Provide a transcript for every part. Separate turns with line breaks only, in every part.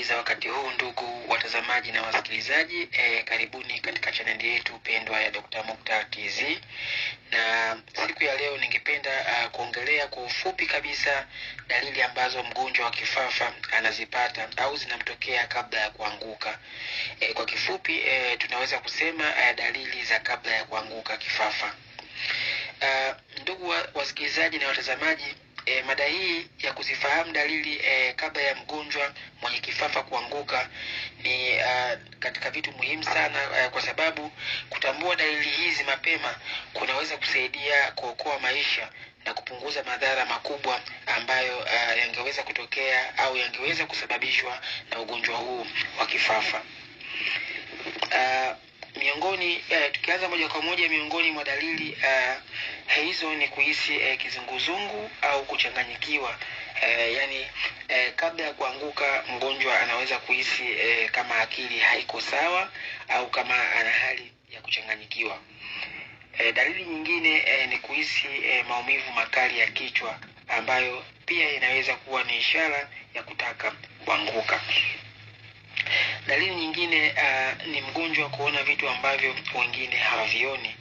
kutusikiliza wakati huu, ndugu watazamaji na wasikilizaji e, karibuni katika chaneli yetu pendwa ya Dr. mukta TZ, na siku ya leo ningependa uh, kuongelea kwa ufupi kabisa dalili ambazo mgonjwa wa kifafa anazipata au zinamtokea kabla ya kuanguka. E, kwa kifupi e, tunaweza kusema uh, dalili za kabla ya kuanguka kifafa. Uh, ndugu wasikilizaji na watazamaji E, mada hii ya kuzifahamu dalili e, kabla ya mgonjwa mwenye kifafa kuanguka ni a, katika vitu muhimu sana a, e, kwa sababu kutambua dalili hizi mapema kunaweza kusaidia kuokoa maisha na kupunguza madhara makubwa ambayo a, e, yangeweza kutokea au yangeweza kusababishwa na ugonjwa huu wa kifafa. A, e, miongoni uh, tukianza moja kwa moja miongoni mwa dalili uh, Eh, hizo ni kuhisi eh, kizunguzungu au kuchanganyikiwa eh, yani eh, kabla ya kuanguka mgonjwa anaweza kuhisi eh, kama akili haiko sawa au kama ana hali ya kuchanganyikiwa eh, dalili nyingine eh, ni kuhisi eh, maumivu makali ya kichwa ambayo pia inaweza kuwa ni ishara ya kutaka kuanguka dalili nyingine uh, ni mgonjwa kuona vitu ambavyo wengine hawavioni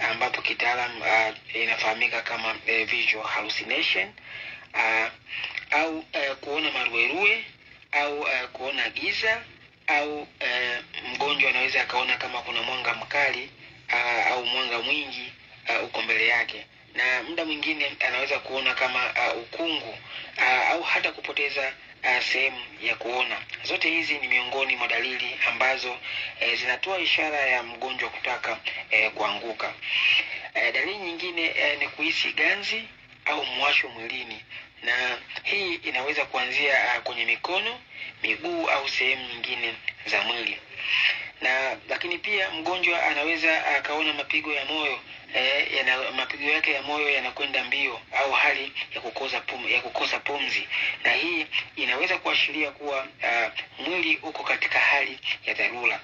ambapo kitaalam uh, inafahamika kama uh, visual hallucination uh, au uh, kuona maruerue au uh, kuona giza au uh, mgonjwa anaweza akaona kama kuna mwanga mkali uh, au mwanga mwingi uh, uko mbele yake na muda mwingine anaweza kuona kama uh, ukungu uh, au hata kupoteza uh, sehemu ya kuona. Zote hizi ni miongoni mwa dalili ambazo uh, zinatoa ishara ya mgonjwa kutaka uh, kuanguka. Uh, dalili nyingine uh, ni kuhisi ganzi au mwasho mwilini, na hii inaweza kuanzia uh, kwenye mikono, miguu au sehemu nyingine za mwili na lakini pia mgonjwa anaweza akaona uh, mapigo ya moyo eh, yana, mapigo yake ya moyo yanakwenda mbio au hali ya kukosa pum, ya kukosa pumzi, na hii inaweza kuashiria kuwa uh, mwili uko katika hali ya dharura.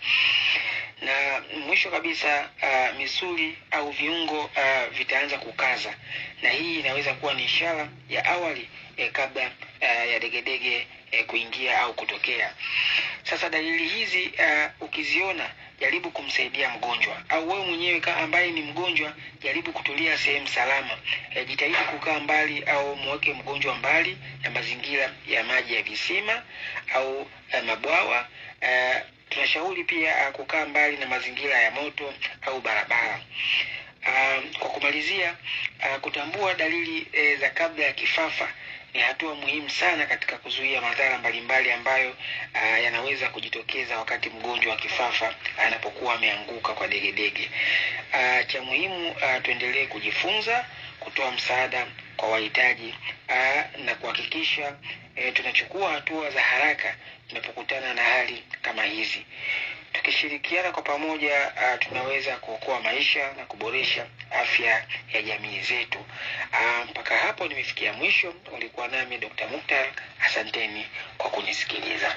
Na mwisho kabisa, uh, misuli au viungo uh, vitaanza kukaza, na hii inaweza kuwa ni ishara ya awali eh, kabla uh, ya degedege eh, kuingia au kutokea. Sasa dalili hizi uh, ukiziona jaribu kumsaidia mgonjwa, au wewe mwenyewe ambaye ni mgonjwa, jaribu kutulia sehemu salama. E, jitahidi kukaa mbali au muweke mgonjwa mbali na mazingira ya maji ya visima au e, mabwawa. E, tunashauri pia ah, kukaa mbali na mazingira ya moto au barabara. Ah, kwa kumalizia, ah, kutambua dalili e, za kabla ya kifafa ni hatua muhimu sana katika kuzuia madhara mbalimbali ambayo uh, yanaweza kujitokeza wakati mgonjwa wa kifafa anapokuwa ameanguka kwa degedege. Uh, cha muhimu uh, tuendelee kujifunza, kutoa msaada kwa wahitaji uh, na kuhakikisha e, tunachukua hatua za haraka tunapokutana na hali kama hizi. Tukishirikiana kwa pamoja, uh, tunaweza kuokoa maisha na kuboresha afya ya jamii zetu. Uh, mpaka hapo nimefikia mwisho. Ulikuwa nami Dr. Muktar, asanteni kwa kunisikiliza.